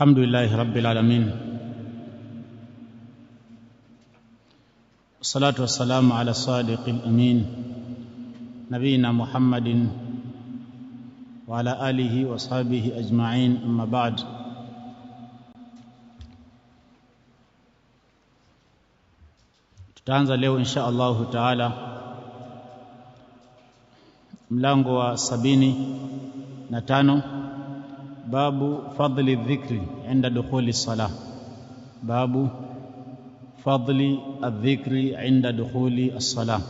الحمد لله رب العالمين والصلاة والسلام على الصادق الأمين نبينا محمد وعلى آله وصحبه أجمعين أما بعد tutaanza leo إن شاء الله تعالى wa سبيني نتانو tano باب فضل الذكر عند دخول الصلاة باب فضل الذكر عند دخول الصلاة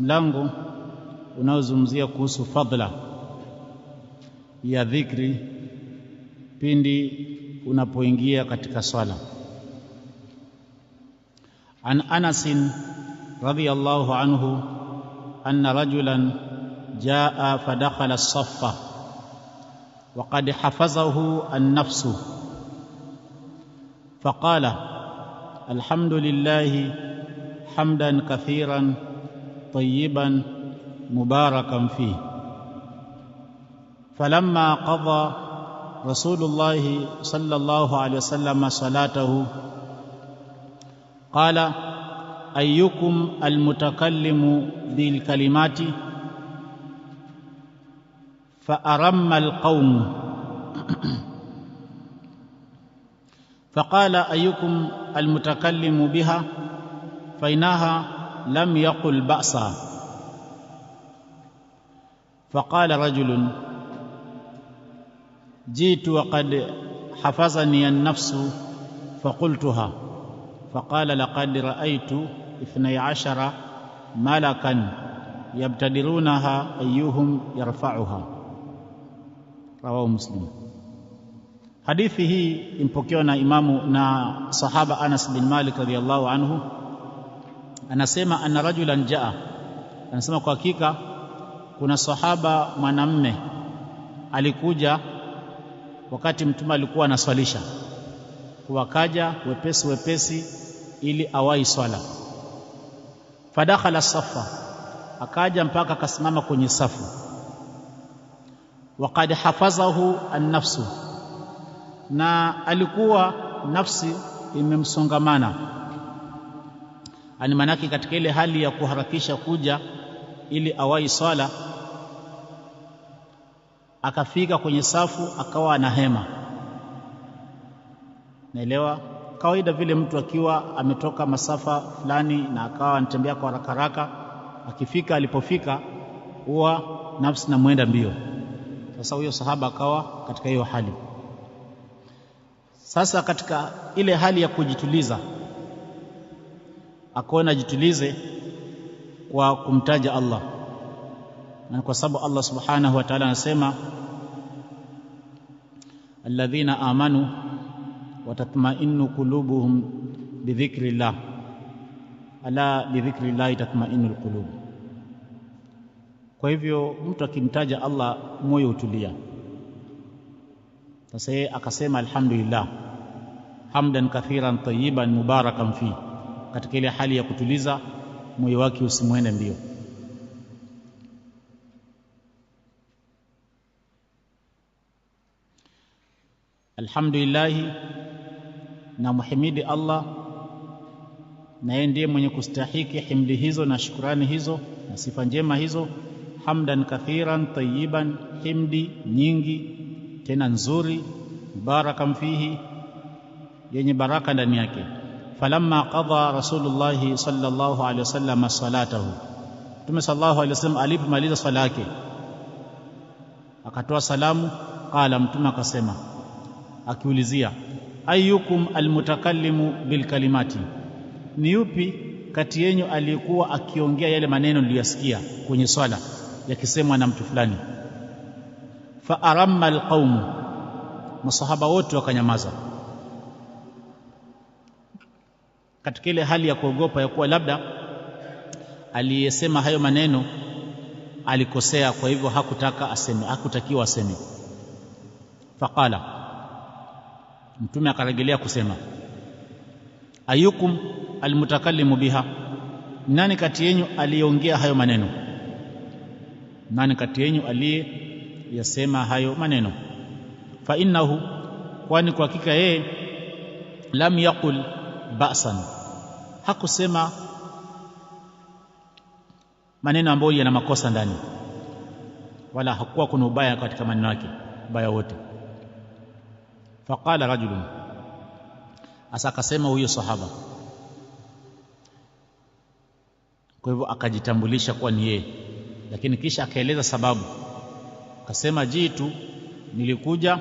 mlango unaozungumzia kuhusu fadla ya dhikri pindi unapoingia katika swala an anas radiyallahu anhu anna rajulan jaa fadakhala as-saffa وقد حفظه النفس فقال الحمد لله حمدا كثيرا طيبا مباركا فيه فلما قضى رسول الله صلى الله عليه وسلم صلاته قال ايكم المتكلم بالكلمات فأرم القوم فقال أيكم المتكلم بها فإنها لم يقل بأسا فقال رجل جئت وقد حفظني النفس فقلتها فقال لقد رأيت اثني عشر ملكا يبتدرونها أيهم يرفعها rawahu Muslim. Hadithi hii impokewa na imamu na sahaba Anas bin Malik radhiyallahu anhu, anasema anna rajulan jaa, anasema kwa hakika kuna sahaba mwanamme alikuja wakati mtume alikuwa anaswalisha, wakaja wepesi wepesi ili awai swala. Fadakhala safa, akaja mpaka akasimama kwenye safu waqad hafadhahu annafsu, na alikuwa nafsi imemsongamana, ani maanake katika ile hali ya kuharakisha kuja ili awai swala, akafika kwenye safu akawa anahema. Naelewa kawaida vile mtu akiwa ametoka masafa fulani na akawa anatembea kwa haraka haraka, akifika alipofika, huwa nafsi namwenda mbio sasa huyo sahaba akawa katika hiyo hali. Sasa katika ile hali ya kujituliza, akaona jitulize kwa kumtaja Allah, na kwa sababu Allah subhanahu wa ta'ala anasema alladhina amanu watatmainu qulubuhum bidhikrillah, ala bidhikrillahi tatmainu alqulubu kwa hivyo mtu akimtaja Allah moyo hutulia. Sasa yeye akasema alhamdulillah hamdan kathiran tayyiban mubarakan fi, katika ile hali ya kutuliza moyo wake usimwende mbio. Alhamdulillahi, na muhimidi Allah, na yeye ndiye mwenye kustahiki himdi hizo na shukrani hizo na sifa njema hizo hamdan kathiran tayyiban, himdi nyingi tena nzuri, baraka fihi, yenye baraka ndani yake. Falamma qadha rasulullah sallallahu alaihi wasallam salatahu, Mtume sallallahu alaihi wasallam alipomaliza swala yake akatoa salamu. Qala, Mtume akasema akiulizia, ayukum almutakallimu bilkalimati, ni yupi kati yenyu aliyekuwa akiongea yale maneno niliyasikia kwenye swala yakisemwa na mtu fulani. Fa aramma alqaum masahaba wote wakanyamaza katika ile hali ya kuogopa ya kuwa labda aliyesema hayo maneno alikosea, kwa hivyo hakutaka aseme, hakutakiwa aseme. Faqala, Mtume akarejelea kusema, ayukum almutakallimu biha, nani kati yenyu aliyeongea hayo maneno? nani kati yenu aliye yasema hayo maneno fa innahu kwani kwa hakika yeye lam yaqul ba'san hakusema maneno ambayo yana makosa ndani wala hakuwa kuna ubaya katika maneno yake ubaya wote faqala rajulun asa akasema huyo sahaba kwa hivyo akajitambulisha kuwa ni yeye lakini kisha akaeleza sababu, akasema jitu, nilikuja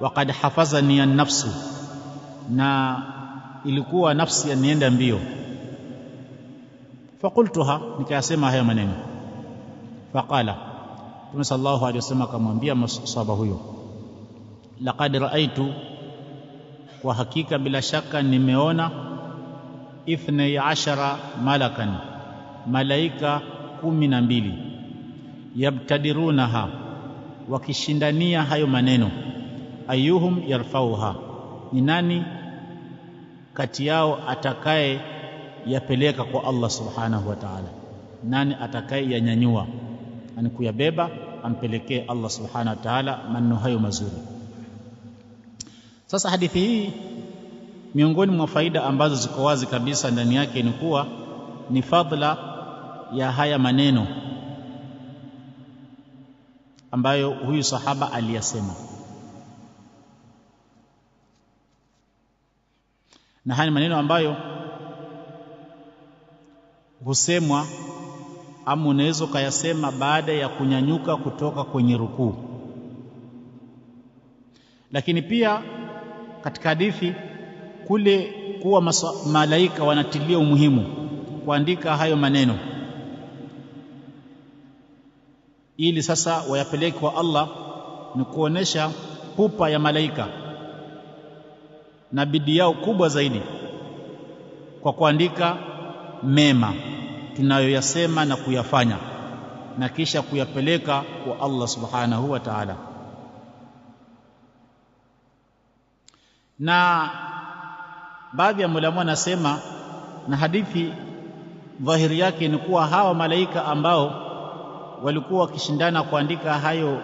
wakad hafazani an nafsu, na ilikuwa nafsi yanienda mbio. faqultuha nikayasema haya maneno. Faqala, Mtume sallallahu alayhi wasallam akamwambia masahaba huyo, laqad raaitu, kwa hakika bila shaka nimeona ithnai ashara malakan, malaika kumi na mbili yabtadirunaha, wakishindania hayo maneno, ayuhum yarfauha, ni nani kati yao atakaye yapeleka kwa Allah subhanahu wa ta'ala, nani atakaye yanyanyua, ani kuyabeba ampelekee Allah subhanahu wa ta'ala maneno hayo mazuri. Sasa hadithi hii miongoni mwa faida ambazo ziko wazi kabisa ndani yake ni kuwa ni fadhila ya haya maneno ambayo huyu sahaba aliyasema, na haya ni maneno ambayo husemwa ama unaweza ukayasema baada ya kunyanyuka kutoka kwenye rukuu. Lakini pia katika hadithi kule kuwa malaika wanatilia umuhimu kuandika hayo maneno ili sasa wayapeleke kwa Allah ni kuonesha pupa ya malaika na bidii yao kubwa zaidi kwa kuandika mema tunayoyasema na kuyafanya na kisha kuyapeleka kwa Allah subhanahu wa ta'ala. Na baadhi ya mulamu anasema, na hadithi dhahiri yake ni kuwa hawa malaika ambao walikuwa wakishindana kuandika hayo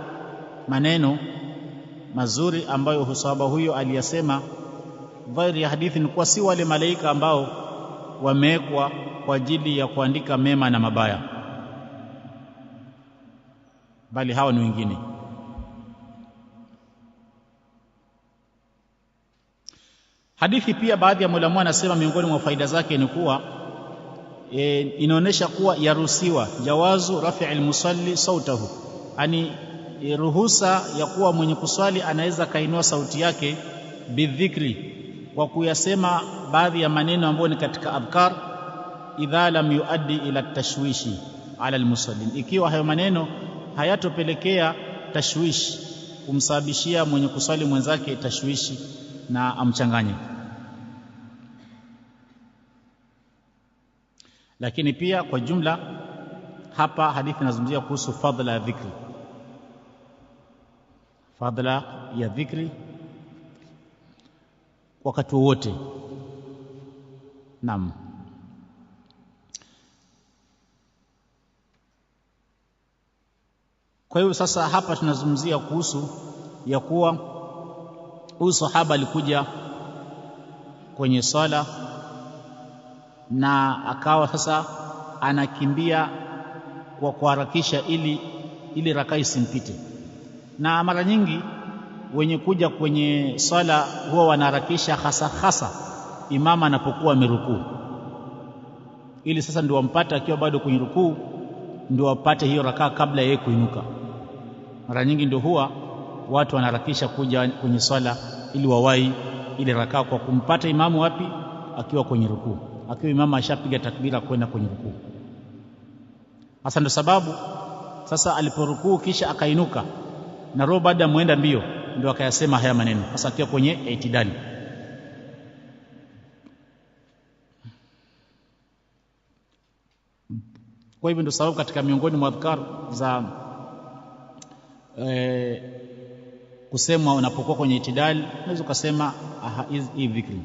maneno mazuri ambayo husaba huyo aliyasema. Dhahiri ya hadithi ni kuwa si wale malaika ambao wamewekwa kwa ajili ya kuandika mema na mabaya, bali hawa ni wengine. Hadithi pia, baadhi ya maulamaa anasema miongoni mwa faida zake ni kuwa e, inaonesha kuwa yaruhusiwa jawazu rafi musalli sautahu, ani e, ruhusa ya kuwa mwenye kuswali anaweza kainua sauti yake bidhikri, kwa kuyasema baadhi ya maneno ambayo ni katika adhkar, idha lam yuaddi ila tashwishi ala almusallin, ikiwa hayo maneno hayatopelekea tashwishi kumsababishia mwenye kuswali mwenzake tashwishi na amchanganye. Lakini pia kwa jumla, hapa hadithi inazungumzia kuhusu fadhila ya dhikri, fadhila ya dhikri wakati wowote. Naam. Kwa hiyo sasa hapa tunazungumzia kuhusu ya kuwa huyu sahaba alikuja kwenye sala na akawa sasa anakimbia kwa kuharakisha ili ili rakaa isimpite. Na mara nyingi wenye kuja kwenye swala huwa wanaharakisha hasa hasa imama anapokuwa amerukuu, ili sasa ndio wampate akiwa bado kwenye rukuu, ndio wapate hiyo rakaa kabla yeye kuinuka. Mara nyingi ndio huwa watu wanaharakisha kuja kwenye swala ili wawahi ile rakaa kwa kumpata imamu wapi, akiwa kwenye rukuu akiwa imama ashapiga takbira kwenda kwenye rukuu. Hasa ndo sababu sasa aliporukuu kisha akainuka na roho baada muenda mbio, ndio akayasema haya maneno, hasa akiwa kwenye itidali. Kwa hivyo ndio sababu katika miongoni mwa adhkar za e, eh, kusemwa unapokuwa kwenye itidali, unaweza ukasema ahaiz dhikri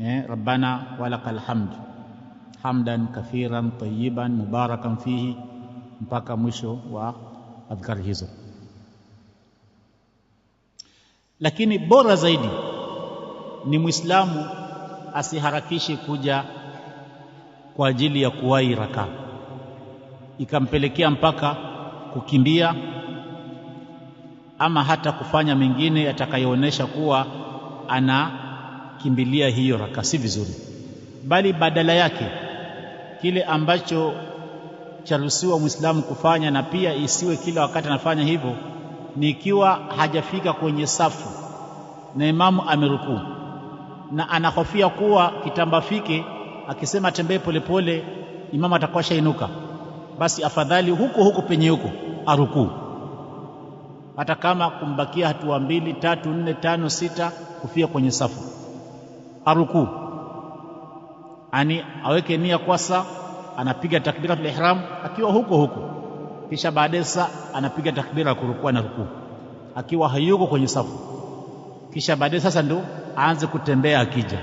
eh, rabbana walakal hamd hamdan kathiran tayyiban mubarakan fihi mpaka mwisho wa adhkar hizo. Lakini bora zaidi ni Mwislamu asiharakishe kuja kwa ajili ya kuwahi raka ikampelekea mpaka kukimbia ama hata kufanya mengine yatakayoonyesha kuwa ana akakimbilia hiyo raka, si vizuri, bali badala yake kile ambacho charuhusiwa Muislamu kufanya, na pia isiwe kila wakati anafanya hivyo, ni ikiwa hajafika kwenye safu na imamu amerukuu na anahofia kuwa kitamba fike, akisema atembee polepole, imamu atakuwa shainuka, basi afadhali huko huko penye huko arukuu, hata kama kumbakia hatua mbili, tatu, nne, tano, sita kufia kwenye safu arukuu, ani aweke nia kwasa anapiga takbiratul ihram akiwa huko huko, kisha baadaye sa anapiga takbira ya kurukua na rukuu akiwa hayuko kwenye safu, kisha baadaye sasa ndio aanze kutembea akija.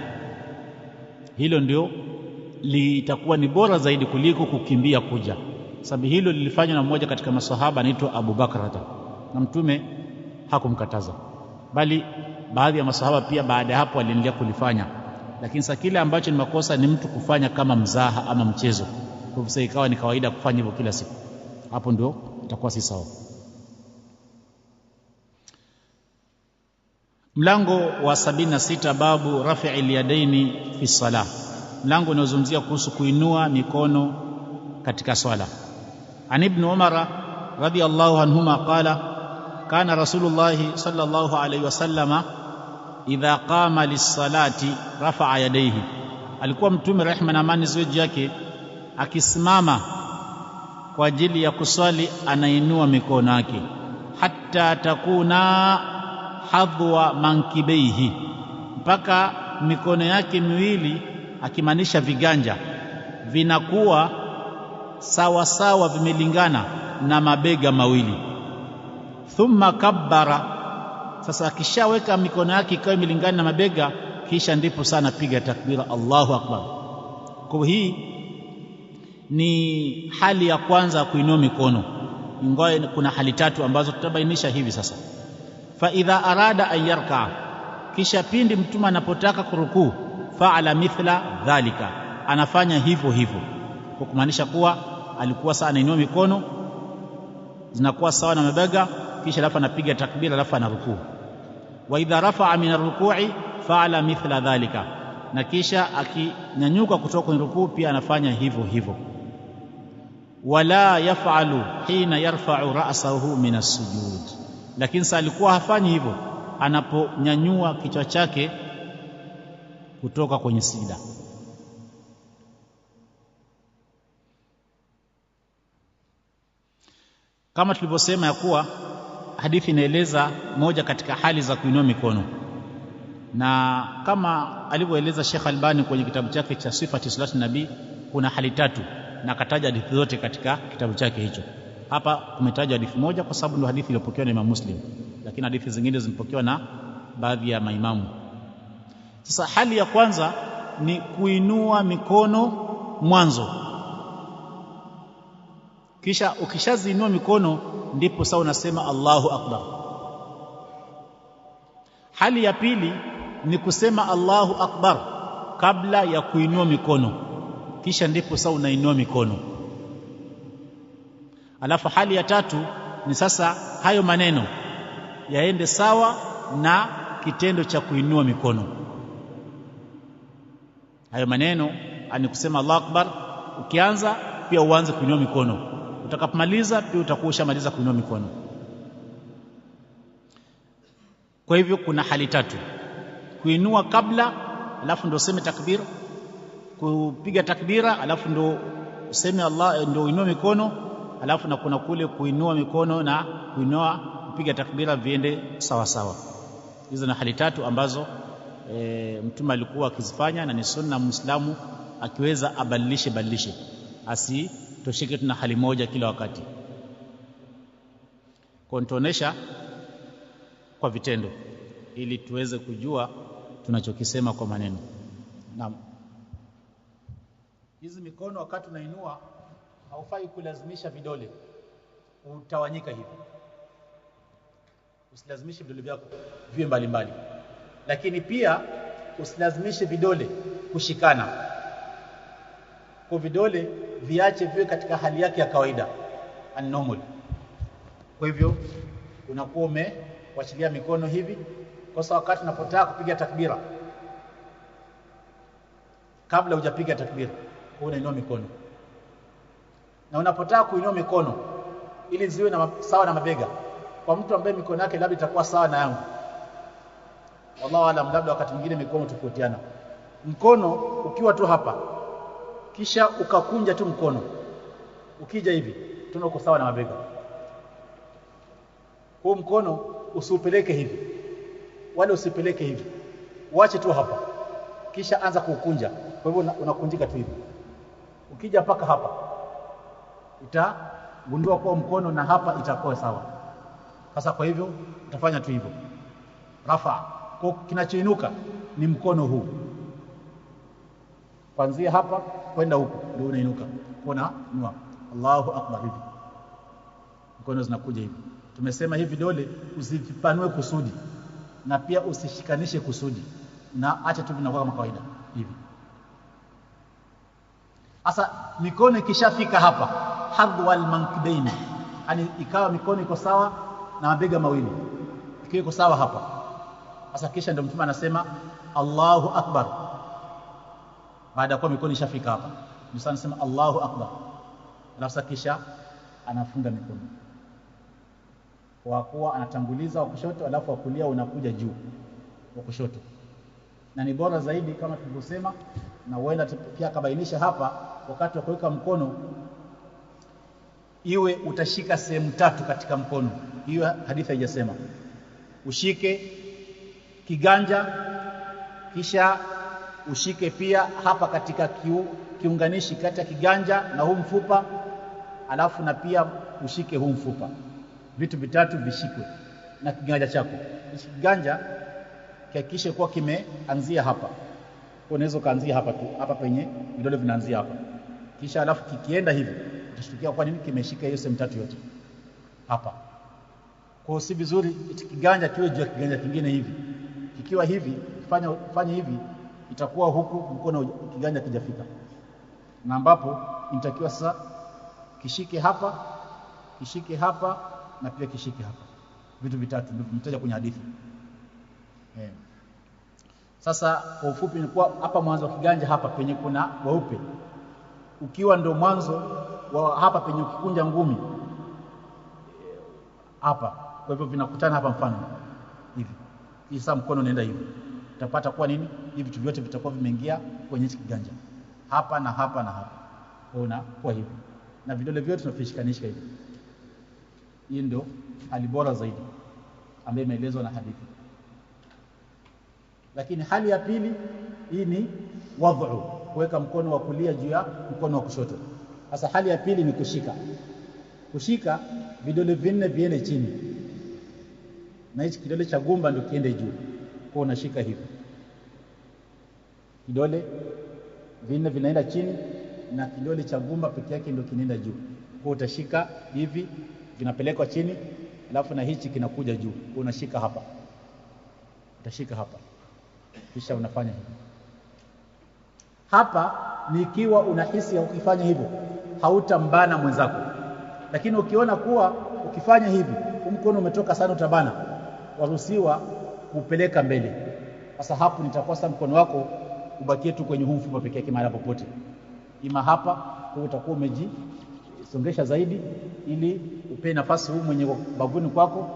Hilo ndio litakuwa ni bora zaidi kuliko kukimbia kuja, sababu hilo lilifanywa na mmoja katika masahaba anaitwa Abu Bakr, hata na mtume hakumkataza bali baadhi ya masahaba pia baada ya hapo waliendelea kulifanya. Lakini sasa kile ambacho ni makosa ni mtu kufanya kama mzaha ama mchezo, kwa sababu ikawa ni kawaida kufanya hivyo kila siku, hapo ndio itakuwa si sawa. Mlango wa sita babu rafi'il yadaini fi salah, mlango unaozungumzia kuhusu kuinua mikono katika swala. An ibn Umar radiyallahu anhuma qala kana rasulullahi sallallahu alayhi wasallama idha qama lissalati rafaa yadaihi, alikuwa Mtume rehma na amani ziwe juu yake akisimama kwa ajili ya kuswali anainua mikono yake, hatta takuna hadhwa mankibaihi, mpaka mikono yake miwili akimaanisha viganja vinakuwa sawa sawa, vimelingana na mabega mawili. Thumma kabbara sasa akishaweka mikono yake ikawa imelingana na mabega, kisha ndipo sana piga takbira, Allahu akbar. Kwa hii ni hali ya kwanza kuinua mikono, ingawa kuna hali tatu ambazo tutabainisha hivi sasa. Fa idha arada an kisha pindi mtume anapotaka kurukuu, faala mithla dhalika, anafanya hivyo hivyo, kwa kumaanisha kuwa alikuwa sana inua mikono zinakuwa sawa na mabega kisha alafu anapiga takbira alafu anarukuu. Wa idha rafaa min arrukui faala mithla dhalika, na kisha akinyanyuka kutoka kwenye rukuu pia anafanya hivyo hivyo. Wala yafalu hina yarfau rasahu min assujud, lakini sa alikuwa hafanyi hivyo anaponyanyua kichwa chake kutoka kwenye sida. Kama tulivyosema ya kuwa hadithi inaeleza moja katika hali za kuinua mikono, na kama alivyoeleza Sheikh Albani kwenye kitabu chake cha Sifati Salati Nabii, kuna hali tatu na akataja hadithi zote katika kitabu chake hicho. Hapa kumetaja hadithi moja kwa sababu ndio hadithi iliyopokewa na Imamu Muslim, lakini hadithi zingine zimepokewa na baadhi ya maimamu. Sasa hali ya kwanza ni kuinua mikono mwanzo, kisha ukishaziinua mikono ndipo saa unasema Allahu akbar. Hali ya pili ni kusema Allahu akbar kabla ya kuinua mikono, kisha ndipo saa unainua mikono. Alafu hali ya tatu ni sasa hayo maneno yaende sawa na kitendo cha kuinua mikono. Hayo maneno ni kusema Allahu akbar, ukianza pia uanze kuinua mikono utakapomaliza pia utakuwa ushamaliza kuinua mikono. Kwa hivyo kuna hali tatu: kuinua kabla, alafu ndio useme takbira, kupiga takbira, alafu ndio useme Allah, eh, ndo uinue mikono, alafu na kuna kule kuinua mikono na kuinua kupiga takbira, viende sawa sawa. Hizo na hali tatu ambazo e, Mtume alikuwa akizifanya na ni sunna Muislamu akiweza abadilishe badilishe asi tushike tuna hali moja kila wakati kwa nitaonesha kwa vitendo ili tuweze kujua tunachokisema kwa maneno. Naam, hizi mikono wakati unainua haufai kulazimisha vidole, utawanyika hivi. Usilazimishe vidole vyako viwe mbalimbali, lakini pia usilazimishe vidole kushikana kwa vidole viache viwe katika hali yake ya kawaida normal. Kwa hivyo unakuwa umewachilia mikono hivi, kosa wakati unapotaka kupiga takbira, kabla hujapiga takbira, unainua mikono, na unapotaka kuinua mikono ili ziwe na sawa na mabega, kwa mtu ambaye mikono yake labda itakuwa sawa na yangu, wallahu alam, labda wakati mwingine mikono tofautiana mkono ukiwa tu hapa kisha ukakunja tu mkono ukija hivi tunako sawa na mabega huu mkono usiupeleke hivi wala usipeleke hivi uache tu hapa kisha anza kuukunja kwa hivyo unakunjika tu hivi ukija mpaka hapa utagundua kwa mkono na hapa itakuwa sawa sasa kwa hivyo utafanya tu hivyo rafa kinachoinuka ni mkono huu kuanzia hapa kwenda huko ndio unainuka kuna nua Allahu akbar hivi mkono zinakuja hivi tumesema hivi vidole usivipanue kusudi na pia usishikanishe kusudi na acha tu vinakuwa kama kawaida hivi sasa mikono ikishafika hapa hadhu mankibain yani ikawa mikono iko sawa na mabega mawili ikiwa iko sawa hapa sasa kisha ndio mtume anasema Allahu akbar baada ya kuwa mikono ishafika hapa, Musa anasema Allahu akbar, alafu kisha anafunga mikono kwa kuwa anatanguliza wa kushoto, alafu wa kulia unakuja juu wa kushoto, na ni bora zaidi kama tulivyosema, na wenda pia akabainisha hapa, wakati wa kuweka mkono iwe utashika sehemu tatu katika mkono. Hiyo hadithi haijasema ushike kiganja kisha ushike pia hapa katika kiu, kiunganishi kati ya kiganja na huu mfupa, alafu na pia ushike huu mfupa. Vitu vitatu vishikwe na kiganja chako. Kiganja kihakikishe kuwa kimeanzia hapa, kwa unaweza kaanzia hapa tu, hapa penye vidole vinaanzia hapa, kisha alafu kikienda hivi utashtukia kwa nini kimeshika hiyo sehemu tatu yote hapa. Kwa si vizuri kiganja kiwe juu ya kiganja kingine hivi. Kikiwa hivi, fanya fanya hivi itakuwa huku mkono kiganja kijafika, na ambapo inatakiwa sasa kishike hapa, kishike hapa na pia kishike hapa. Vitu vitatu ndivyo vimetaja kwenye hadithi eh. Sasa kwa ufupi, ilikuwa hapa mwanzo wa kiganja hapa penye kuna weupe, ukiwa ndo mwanzo wa hapa penye ukikunja ngumi hapa, kwa hivyo vinakutana hapa, mfano hivi, sasa mkono unaenda hivi utapata kuwa nini, hivi vitu vyote vitakuwa vimeingia kwenye hiki kiganja hapa na hapa na hapa, una kwa hivyo na vidole vyote tunavishikanisha hivi. Hii ndio hali bora zaidi ambayo imeelezwa na hadithi. Lakini hali ya pili hii ni wadhu, kuweka mkono wa kulia juu ya mkono wa kushoto. Sasa hali ya pili ni kushika, kushika vidole vinne viende chini na hichi kidole cha gumba ndio kiende juu kwa unashika hivi, kidole vinne vinaenda chini na kidole cha gumba peke yake ndio kinaenda juu. Kwa utashika hivi, vinapelekwa chini, alafu na hichi kinakuja juu. Kwa unashika hapa, utashika hapa, kisha unafanya hivi hapa. Nikiwa unahisi ya ukifanya hivyo hautambana mwenzako, lakini ukiona kuwa ukifanya hivi mkono umetoka sana, utabana, waruhusiwa kupeleka mbele. Sasa hapo nitakosa mkono wako, ubakie tu kwenye huu mfupa peke yake mahali popote, ima hapa kwa utakuwa umejisongesha zaidi, ili upe nafasi huu mwenye baguni kwako,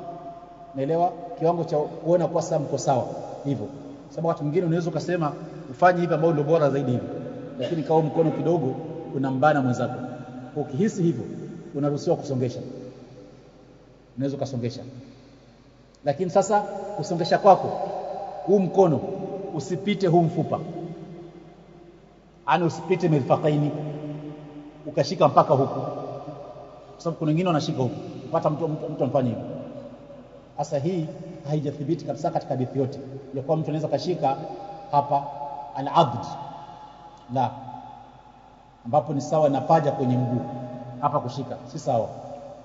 naelewa kiwango cha kuona kwa sasa mko sawa hivyo, sababu watu mwingine unaweza ukasema ufanye hivi ambao ndio bora zaidi hivi, lakini kama mkono kidogo unambana mwenzako, ukihisi hivyo unaruhusiwa kusongesha, unaweza ukasongesha lakini sasa kusongesha kwako huu mkono usipite huu mfupa, ana yaani usipite mifakaini ukashika mpaka huku, kwa sababu kuna wengine wanashika huku, pata mtu mtu amfanye hivyo. Sasa hii haijathibiti kabisa katika hadithi yote ya kuwa mtu anaweza kashika hapa al-abd la ambapo ni sawa na paja kwenye mguu hapa, kushika si sawa,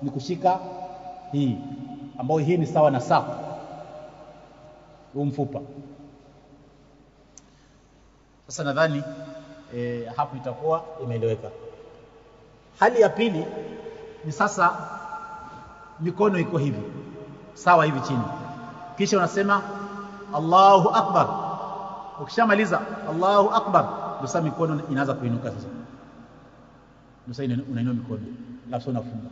ni kushika hii ambayo hii ni sawa na safu huu mfupa. Sasa nadhani e, hapo itakuwa imeeleweka. Hali ya pili ni sasa mikono iko hivi sawa hivi chini, kisha unasema Allahu akbar. Ukishamaliza Allahu akbar, ndio sasa mikono inaanza kuinuka. Sasa ndio sasa unainua mikono, alafu unafunga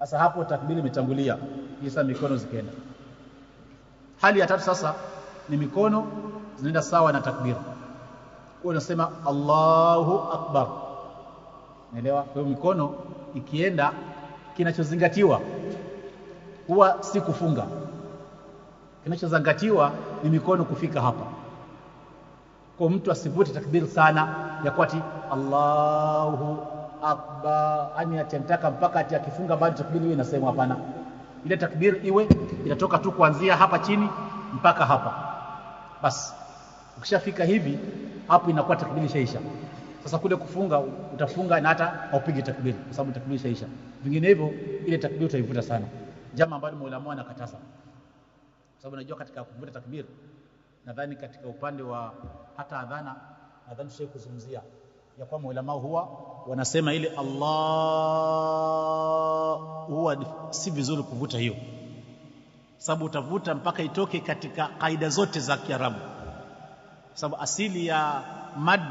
sasa hapo takbiri imetangulia, kisa mikono zikaenda. Hali ya tatu sasa ni mikono zinaenda sawa na takbiri kwa unasema Allahu akbar. Naelewa? Kwa hiyo mikono ikienda, kinachozingatiwa huwa si kufunga, kinachozingatiwa ni mikono kufika hapa. Kwa mtu asivute takbiri sana ya kwati Allahu akbar, yani atemtaka mpaka ati akifunga bado takbiri hiyo inasemwa. Hapana, ile takbiri iwe inatoka tu kuanzia hapa chini mpaka hapa basi. Ukishafika hivi hapo inakuwa takbiri shaisha. Sasa kule kufunga utafunga na hata upige takbiri, kwa sababu takbiri shaisha. Vinginevyo ile takbiri utaivuta sana, jambo ambalo maulama anakataza, kwa sababu najua katika kuvuta takbiri, nadhani katika upande wa hata adhana, nadhani shehe kuzungumzia ya kwamba ulama huwa wanasema ile Allah huwa si vizuri kuvuta hiyo, sababu utavuta mpaka itoke katika kaida zote za Kiarabu, sababu asili ya mad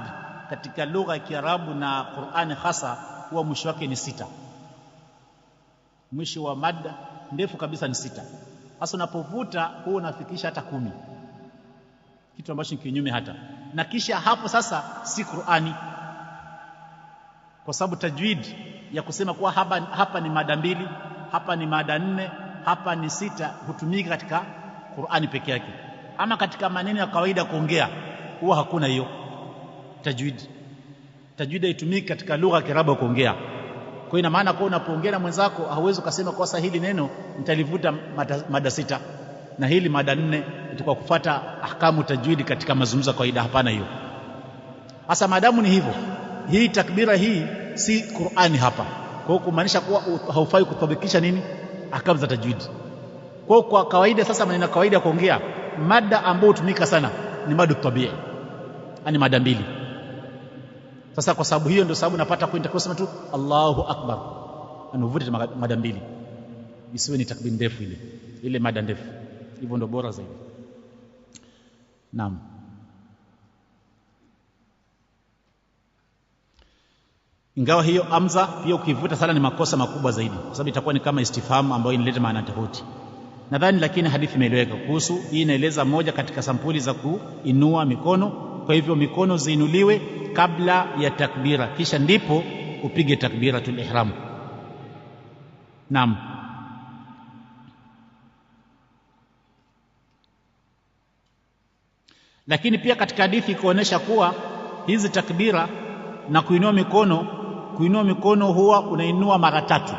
katika lugha ya Kiarabu na Qur'ani hasa huwa mwisho wake ni sita. Mwisho wa mad ndefu kabisa ni sita. hasa unapovuta huwa unafikisha hata kumi, kitu ambacho ni kinyume hata na kisha hapo sasa si Qur'ani kwa sababu tajwid ya kusema kuwa hapa, hapa ni mada mbili, hapa ni mada nne, hapa ni sita hutumika katika Qur'ani peke yake. Ama katika maneno ya kawaida kuongea huwa hakuna hiyo tajwid. Tajwid haitumiki katika lugha ya Kiarabu kuongea. Kwa hiyo ina maana kwa unapoongea na mwenzako hauwezi ukasema kwa sasa hili neno nitalivuta mada, mada sita na hili mada nne itakuwa kufata ahkamu tajwidi katika mazungumzo ya kawaida. Hapana hiyo. Hasa maadamu ni hivyo hii takbira hii si Qur'ani hapa. Kwa hiyo kumaanisha kuwa haufai kutabikisha nini akamza za tajwidi. Kwa kwa kawaida sasa, maneno kawaida ya kuongea, mada ambayo hutumika sana ni mada tabia, ani mada mbili. Sasa kwa sababu hiyo ndio sababu napata kwenda kusema tu Allahu akbar, anuvute yaani mada mbili, isiwe ni takbiri ndefu ile ile, mada ndefu. Hivyo ndio bora zaidi. Naam. Ingawa hiyo amza pia ukivuta sala ni makosa makubwa zaidi, kwa sababu itakuwa ni kama istifhamu ambayo inaleta maana tofauti. Nadhani lakini hadithi imeeleweka kuhusu hii, inaeleza moja katika sampuli za kuinua mikono. Kwa hivyo mikono ziinuliwe kabla ya takbira, kisha ndipo upige takbiratul ihram. Naam. Lakini pia katika hadithi kuonesha kuwa hizi takbira na kuinua mikono Kuinua mikono huwa unainua mara tatu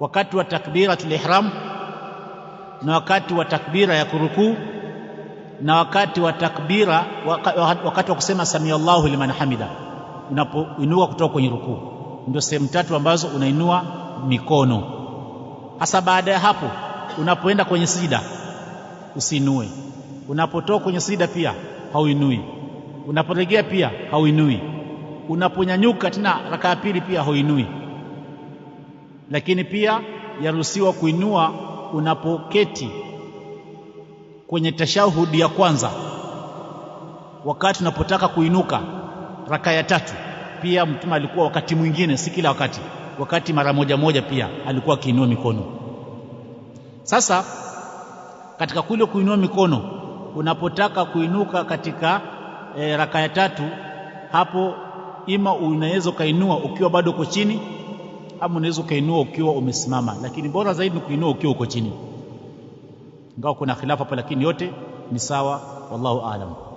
wakati wa takbiratul ihram, na wakati wa takbira ya kurukuu, na wakati wa takbira, wakati wa kusema samia Allahu liman hamida, unapoinua kutoka kwenye rukuu. Ndio sehemu tatu ambazo unainua mikono. Hasa baada ya hapo, unapoenda kwenye sijida usiinue. Unapotoka kwenye sijida pia hauinui. Unaporegea pia hauinui unaponyanyuka tena raka ya pili pia hoinui, lakini pia yaruhusiwa kuinua unapoketi kwenye tashahudi ya kwanza, wakati unapotaka kuinuka raka ya tatu. Pia Mtume alikuwa wakati mwingine, si kila wakati, wakati mara moja moja pia alikuwa akiinua mikono. Sasa katika kule kuinua mikono unapotaka kuinuka katika e, raka ya tatu hapo ima unaweza ukainua ukiwa bado uko chini ama unaweza ukainua ukiwa umesimama lakini bora zaidi ni kuinua ukiwa uko chini ingawa kuna khilafa hapa lakini yote ni sawa wallahu aalam